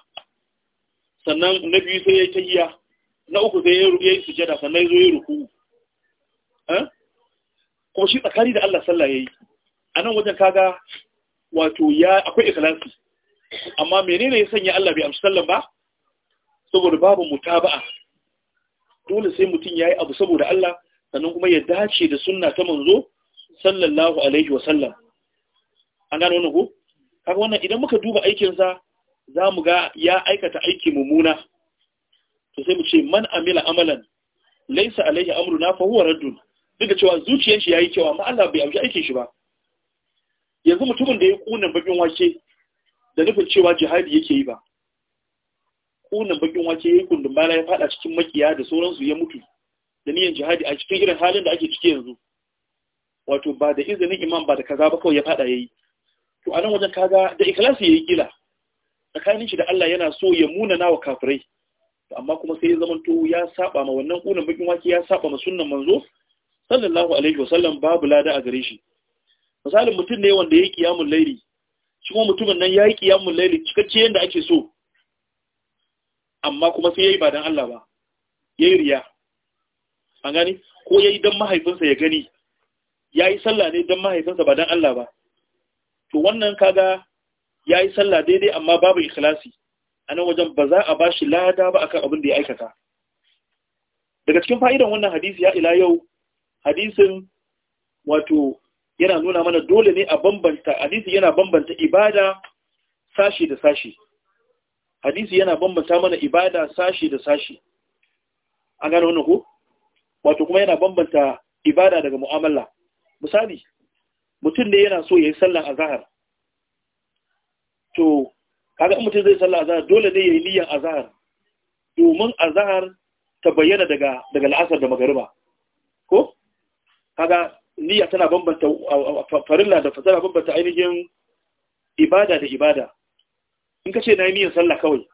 [SPEAKER 1] sannan na biyu sai ya yi tahiya na uku sai ya yi sujada sannan ya zo ya ruku eh? kuma shi tsakani da Allah sallah yayi a nan wajen kaga wato ya akwai ikhlasi amma menene ya sanya Allah bai amsa sallan ba saboda babu mutaba'a dole sai mutum yayi abu saboda Allah sannan kuma ya dace da sunna ta manzo sallallahu alaihi wa sallam an gano wannan ko kaga wannan idan muka duba aikin sa zamu ga ya aikata aiki mumuna to sai mu ce man amila amalan laysa alaihi amruna fa huwa raddun duk da cewa zuciyar shi yayi cewa amma Allah bai amshi aikin shi ba yanzu mutumin da ya kunan bakin wake da nufin cewa jihadi yake yi ba kunan bakin wake ya yi kundin bala ya fada cikin makiya da sauransu ya mutu da niyan jihadi a cikin irin halin da ake ciki yanzu wato ba da izinin imam ba da kaza ba kawai ya fada yi. to a nan wajen kaga da ya yi kila tsakanin shi da Allah yana so ya munana wa kafirai amma kuma sai ya zamanto ya saba ma wannan kunan bakin wake ya saba ma sunnan manzo sallallahu alaihi wasallam babu lada a gare shi misalin mutum ne wanda ya yi kiyamun lairi shi kuma mutumin nan ya yi kiyamun lairi cikakce yadda ake so amma kuma sai ya yi ba don Allah ba ya yi riya an gani ko ya yi don mahaifinsa ya gani ya yi sallah ne don mahaifinsa ba don Allah ba to wannan kaga ya yi sallah daidai amma babu ikhlasi a nan wajen ba za a ba shi lada ba akan abin da ya aikata daga cikin fa'idan wannan hadisi ya ila yau hadisin wato yana nuna mana dole ne a bambanta hadisi yana bambanta ibada sashi da sashi hadisi yana bambanta mana ibada sashi da sashi an gane wannan ko wato kuma yana bambanta ibada daga mu'amala misali mutum ne yana so ya yi sallan azahar to kaga in mutum zai sallan azahar dole ne ya yi niyyar azahar domin azahar ta bayyana daga daga la'asar da magariba ko kaga niyya tana bambanta farilla da tana bambanta ainihin ibada da ibada in ka ce na yi niyyar sallah kawai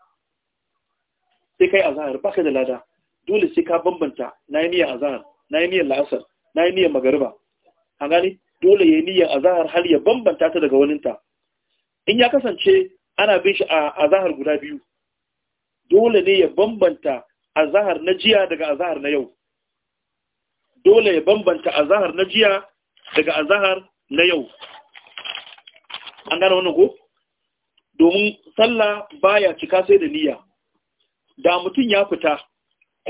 [SPEAKER 1] sai kai azahar baka da lada dole sai ka bambanta na yi niyyar azahar na yi niyyar la'asar na yi niyyar magariba an gani dole ya yi niyyar azahar har ya bambanta ta daga waninta in ya kasance ana bin shi a azahar guda biyu dole ne ya bambanta azahar na jiya daga azahar na yau dole ya bambanta azahar na jiya daga azahar na yau an gane wannan ko domin sallah baya cika sai da niyya da mutum ya fita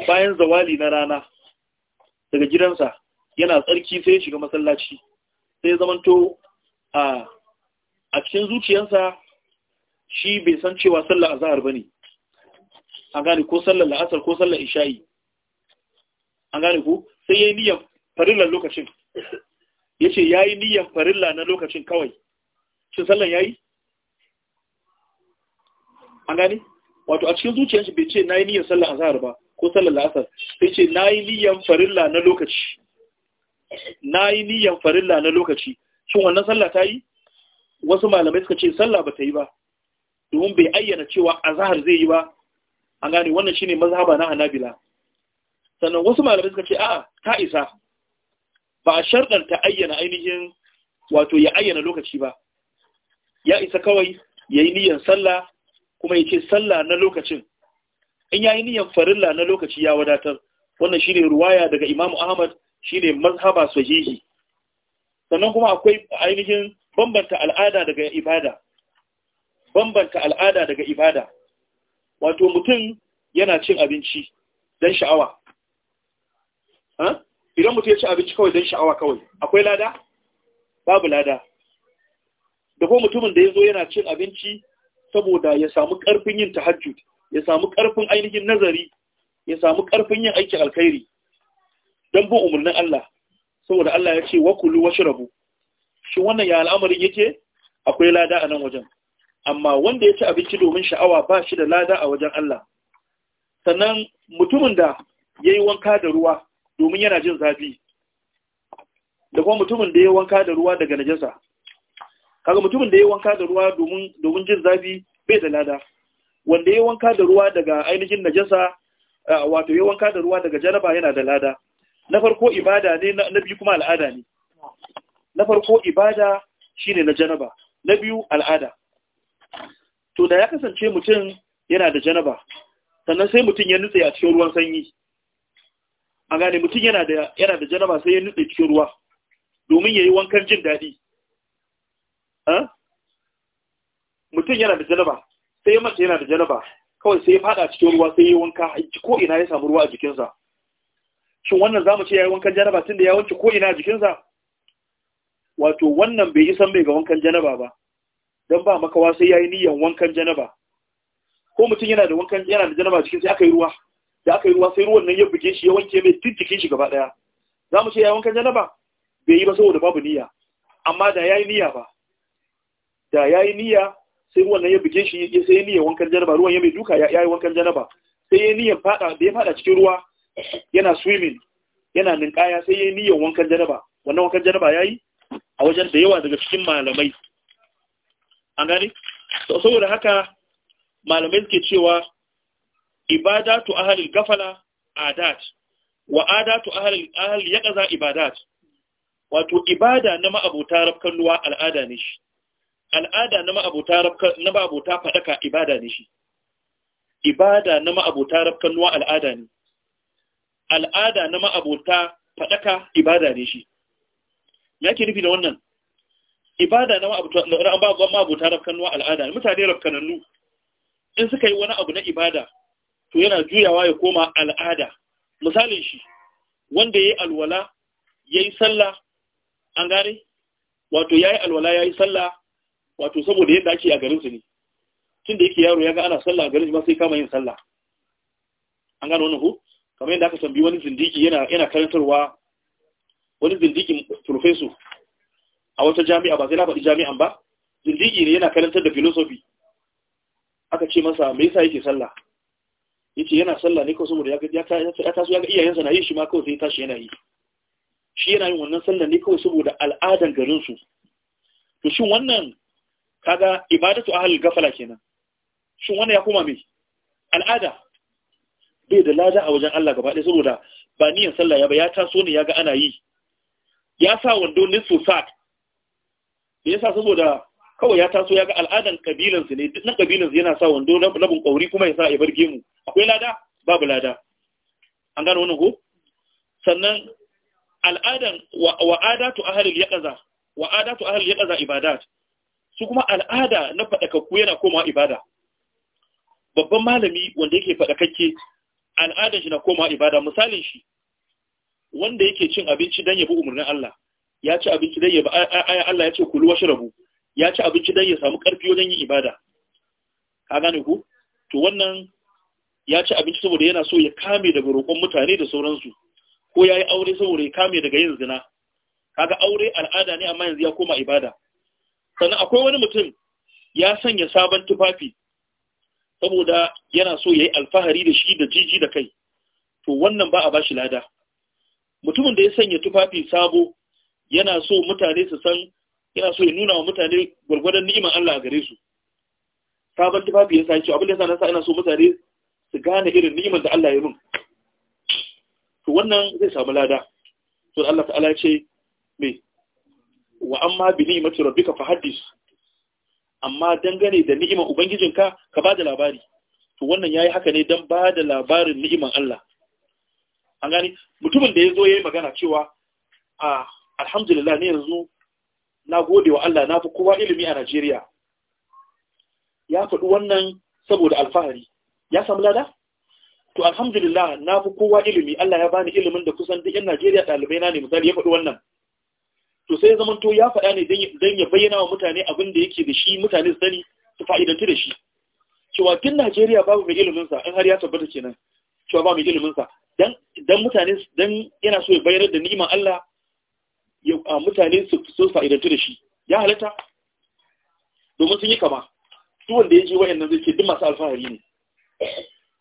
[SPEAKER 1] bayan zawali na rana daga gidansa yana tsarki sai ya shiga masallaci sai ya zamanto a a cikin zuciyarsa shi bai san cewa sallah azhar bane an gane ko sallar la'asar ko sallar isha'i an gane ku sai ya yi niyyar farilla lokacin ya ce ya yi niyyar farilla na lokacin kawai Cin sallan ya yi an gane wato a cikin zuciyarsa bai ce na yi niyyar sallan azahar ba ko sallan la'asar sai ce na yi niyyar farilla na lokaci na yi niyyar farilla na lokaci Cin wannan sallah ta yi wasu malamai suka ce sallah ba ta yi ba domin bai ayyana cewa azahar zai yi ba an gane wannan shine mazhaba na hanabila sannan wasu malamai suka ce a'a ta isa ba a sharɗanta ayyana ainihin wato ya ayyana lokaci ba ya isa kawai ya yi niyan sallah kuma ya ce sallah na lokacin in ya yi niyan farilla na lokaci ya wadatar wannan shi ne ruwaya daga imamu ahmad shi ne mazhaba sahihi sannan kuma akwai ainihin bambanta al'ada daga ibada bambanta al'ada daga ibada wato mutum yana cin abinci don sha'awa idan mutum ya ci abinci kawai don sha'awa kawai akwai lada babu lada da ko mutumin da ya zo yana cin abinci saboda ya samu ƙarfin yin tahajjud ya samu karfin ainihin nazari ya samu ƙarfin yin aikin alkhairi don bin umarnin Allah saboda Allah ya ce wa kulu wa shirabu shi wannan ya al'amarin yake akwai lada a nan wajen amma wanda ya ci abinci domin sha'awa ba shi da lada a wajen Allah sannan mutumin da ya yi wanka da ruwa domin yana jin zafi da kuma mutumin da ya wanka da ruwa daga najasa kaga mutumin da ya wanka da ruwa domin domin jin zafi bai da lada wanda ya wanka da ruwa daga ainihin najasa wato ya wanka da ruwa daga janaba yana da lada na farko ibada ne na biyu kuma al'ada ne na farko ibada shine na janaba na biyu al'ada to da ya kasance mutum yana da janaba sannan sai mutum ya nutse a cikin ruwan sanyi a gane mutum yana da janaba sai ya nutse cikin ruwa domin ya yi wankan jin daɗi mutum yana da janaba sai ya mace yana da janaba kawai sai ya fada cikin ruwa sai ya wanka ko ina ya samu ruwa a jikinsa shin wannan zamu ce ya yi wankan janaba tun da ya wanke ko ina a jikinsa wato wannan bai san mai ga wankan janaba ba don ba makawa sai ya yi niyyar wankan janaba ko mutum yana da wankan yana da janaba a jikinsa aka yi ruwa da aka yi ruwa sai ruwan nan ya buge shi ya wanke mai tijjikin shi gaba ɗaya. za mu ce ya wankan janaba bai yi ba saboda babu niyya amma da ya yi niyya ba da ya yi niyya sai ruwan nan ya buge shi ya sai niyya wankan janaba ruwan ya mai duka ya yi wankan janaba sai ya niyya fada da ya fada cikin ruwa yana swimming yana ninkaya sai ya yi niyyan wankan janaba wannan wankan janaba ya yi a wajen da yawa daga cikin malamai an gani saboda haka malamai suke cewa ibadatu ahlil gafala adat wa adatu ahlil ahl yaqaza ibadat wato ibada na ma'abota rabkan ruwa al'ada ne shi al'ada na ma'abota rabkan na ma'abota fadaka ibada ne shi ibada na ma'abota rabkan ruwa al'ada ne al'ada na ma'abota fadaka ibada ne shi yake nufi da wannan ibada na ma'abota rabkan ruwa al'ada ne mutane rabkanannu in suka yi wani abu na ibada to yana juyawa ya koma al'ada misalin shi wanda yayi alwala yayi sallah an gare wato yayi alwala yayi sallah wato saboda yadda ake a garin su ne tunda yake yaro ya ga ana sallah a garin shi ma sai kama yin sallah an gano wannan ko kamar yadda aka tambayi wani zindiki yana yana karantarwa wani zindikin professor a wata jami'a ba sai na faɗi jami'an ba zindiki ne yana karantar da philosophy aka ce masa me yasa yake sallah yake yana sallah ne ko saboda ya ya taso ya ga iyayensa na yi shi ma kawai sai tashi yana yi shi yana yin wannan sallah ne kawai saboda al'adan garin su to shin wannan kaga ibadatu ahlul gafala kenan shin wannan ya koma me al'ada bai da lada a wajen Allah gaba ɗaya saboda ba niyan sallah ya ba ya taso ne ya ga ana yi ya sa wando ne so sa yasa saboda kawai ya taso ya ga al'adan kabilansu ne duk na kabilansu yana sa wando labin kauri kuma ya sa ya bar gemu akwai lada babu lada an gano wannan ko sannan al'adan wa'adatu ahlil yaqaza wa'adatu ahlil yaqaza ibadat su kuma al'ada na fadakakku yana koma ibada babban malami wanda yake fadakakke al'adan shi na koma ibada misalin shi wanda yake cin abinci dan yabi umurnin Allah ya ci abinci dan yabi Allah ya ce kulu washrabu ya ci abinci don ya samu ƙarfi wajen yin ibada ka gane ku to wannan ya ci abinci saboda yana so ya kame daga roƙon mutane da sauransu ko ya yi aure saboda ya kame daga yin zina kaga aure al'ada ne amma yanzu ya koma ibada sannan akwai wani mutum ya sanya sabon tufafi saboda yana so ya yi alfahari da shi da jiji da kai to wannan ba a ba shi lada mutumin da ya sanya tufafi sabo yana so mutane su san yana so ya nuna wa mutane gwargwadon ni'imar Allah a gare su sabon tufafi yasa sace abin da yasa na sa ina so mutane su gane irin ni'imar da Allah ya mun to wannan zai samu lada to Allah ta'ala ya ce me wa amma bi ni'mati rabbika fa hadis amma dangane da ni'imar ubangijinka ka ba da labari to wannan yayi haka ne dan ba da labarin ni'imar Allah an gani mutumin da yazo yayi magana cewa a ah, alhamdulillah ne yanzu na gode wa Allah na fi kowa ilimi a Najeriya ya faɗi wannan saboda alfahari ya samu lada to alhamdulillah na fi kowa ilimi Allah ya bani ilimin da kusan duk yan Najeriya ɗalibai na ne misali ya faɗi wannan to sai zaman to ya faɗa ne don ya bayyana wa mutane abin da yake da shi mutane su sani su fa'idantu da shi cewa tun Najeriya babu mai ilimin in har ya tabbata kenan cewa ba mai ilimin sa mutane dan yana so ya bayar da ni'imar Allah mutane su fa'idantu da shi ya halatta domin sun yi kama su wanda ya je wayannan zai ce duk masu alfahari ne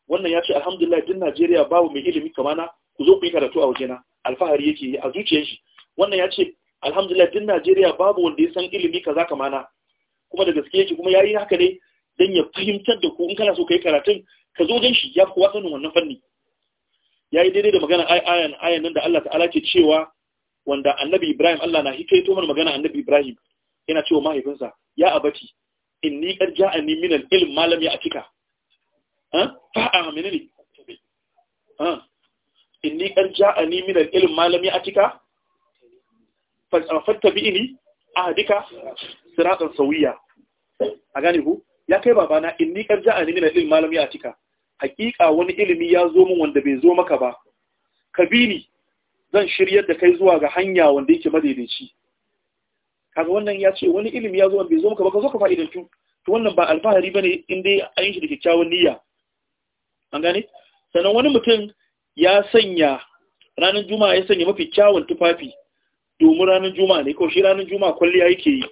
[SPEAKER 1] wannan ya ce alhamdulillah duk Najeriya babu mai ilimi kama na ku zo ku yi karatu a wajena alfahari yake yi a zuciyar shi wannan ya ce alhamdulillah duk Najeriya babu wanda ya san ilimi kaza kama na kuma da gaske yake kuma yayi haka ne dan ya fahimtar da ku in kana so kai karatun ka zo dan shi ya kowa sanin wannan fanni yayi daidai da magana ayan ayan nan da Allah ta'ala ke cewa wanda annabi Ibrahim Allah na hikaito mana magana annabi Ibrahim yana cewa mahaifinsa ya abati inni qad ja'ani min al-ilm ma lam ya'tika ha fa aminni ha inni qad ja'ani min al-ilm ma lam ya'tika ah, fattabi'ni ahdika siratan sawiya a gane ku ya kai babana inni qad ja'ani min al-ilm ma lam ya'tika hakika wani ilimi ya zo min wanda bai zo maka ba Ka bi ni. zan shiryar da kai zuwa ga hanya wanda yake madaidaici kaga wannan ya ce wani ilimi ya zo wanda bai zo maka ba ka zo ka tu? to wannan ba alfahari bane in dai an yi shi da kyakkyawan niyya an gane sannan wani mutum ya sanya ranar juma'a ya sanya mafi kyawun tufafi domin ranar juma'a ne ko shi ranar juma'a kwalliya yake yi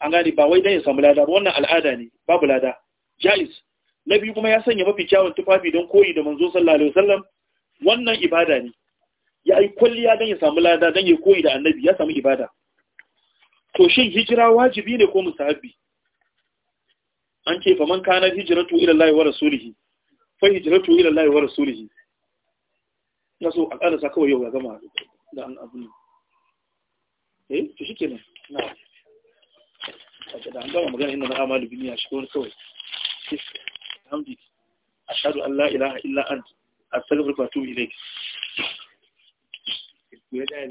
[SPEAKER 1] an gane ba wai dan ya samu lada wannan al'ada ne babu lada jais na biyu kuma ya sanya mafi kyawun tufafi don koyi da manzo sallallahu alaihi wasallam wannan ibada ne ya yi kwalliya don ya samu lada don ya koyi da annabi ya samu ibada to shi hijira wajibi ne ko musahabi an ke faman kanar hijiratu ila Allah wa rasulihi fa hijiratu ila Allah wa rasulihi na so a sa kawai yau ya gama da an abu ne eh to ke nan na da an gama magana inda na amalu bin ya shigo kawai alhamdulillah ashhadu an la ilaha illa an astaghfiruka wa atubu good as